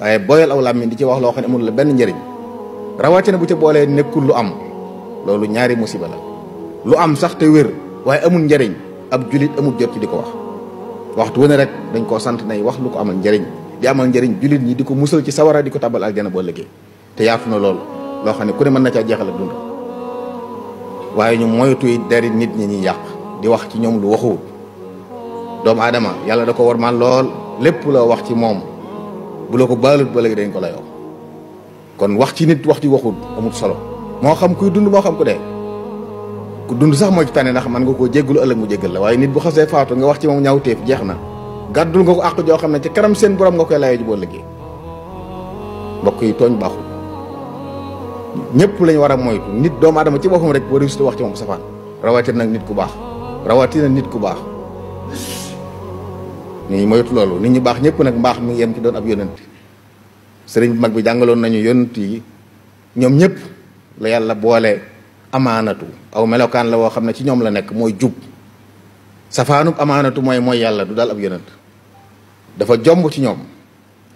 waye boyal aw lamine di ci wax lo xamne amul ben njariñ rawatina bu ci boolee nekul lu am loolu ñaari musiba la lu am sax te wër waye amul njariñ ab julit amul jot ci diko wax waxtu wone rek dañ ko sant nay wax lu ko amal njariñ di amal njariñ julit ñi diko ko ci sawara diko tabal aljana bo legge te yaatu na loolu loo ku ne man na ca jexal ak dund waye ñu moytu dari nit ñi ñi yaq di wax ci ñom lu waxu doom adama yalla da ko war man lool lepp lo wax ci mom bu la ko baalut ba dañ ko wax kon wax ci nit wax ci waxut amul solo mo xam kuy dund mo xam ku de ku dund sax mo ci tane ndax man nga ko jéggul ëlëk mu jéggal la waye nit bu xasse faatu nga wax ci mom ñaaw teef jeexna gàddul nga ko ak jo xamne ci karam seen borom nga koy lay ji bo yi togn baxu ñepp lañ wara nit doom adam ci boppam rek bo réussite wax ci mom safaan rawati nak nit ku baax nang nit ku baax ñuy moytu loolu nit ñu baax ñëpp nag mbaax mi ngi yem ci doon ab yonent sëriñ bi mag bi jàngaloon nañu yonent ñoom ñëpp la yàlla boole amaanatu aw melokaan la woo xam ne ci ñoom la nekk mooy jub safaanub amaanatu mooy mooy yàlla du daal ab yonent dafa jomb ci ñoom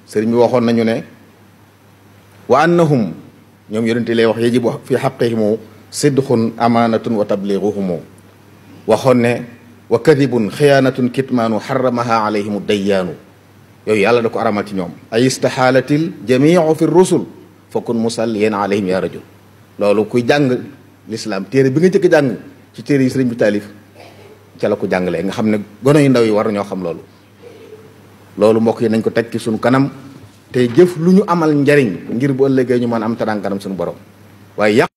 sëriñ bi waxoon nañu ne wa annahum ñoom yonent yi lay wax yajibu fi xaqihimu sidqun amaanatun wa tabliiguhumu waxoon ne wa kadibun xiyaanatun kitmaanu xaramaha alayhim dayyaanu yooyu yàlla da ko aramal ci ñoom ay istaxaalatil jamiu fi rusul fa kun musalliyan alayhim yaa rajul loolu kuy jàng lislaam téere bi nga njëkk jàng ci téere yi sëriñ bi taalif ca la ko jàngalee nga xam ne gono yu ndaw yi war ñoo xam loolu loolu mbokk yi nañ ko teg ci suñu kanam te jëf lu ñu amal njariñ ngir bu ëllëgee ñu mën am teraanga kanam suñu borom